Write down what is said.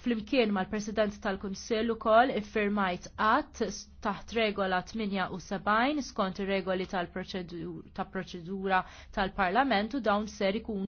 Flimkien mal-President tal-Kunsill ukoll iffirmajt qatt taħt regola 78 skont ir-regoli tal-proċedura tal-Parlamentu dawn ser ikun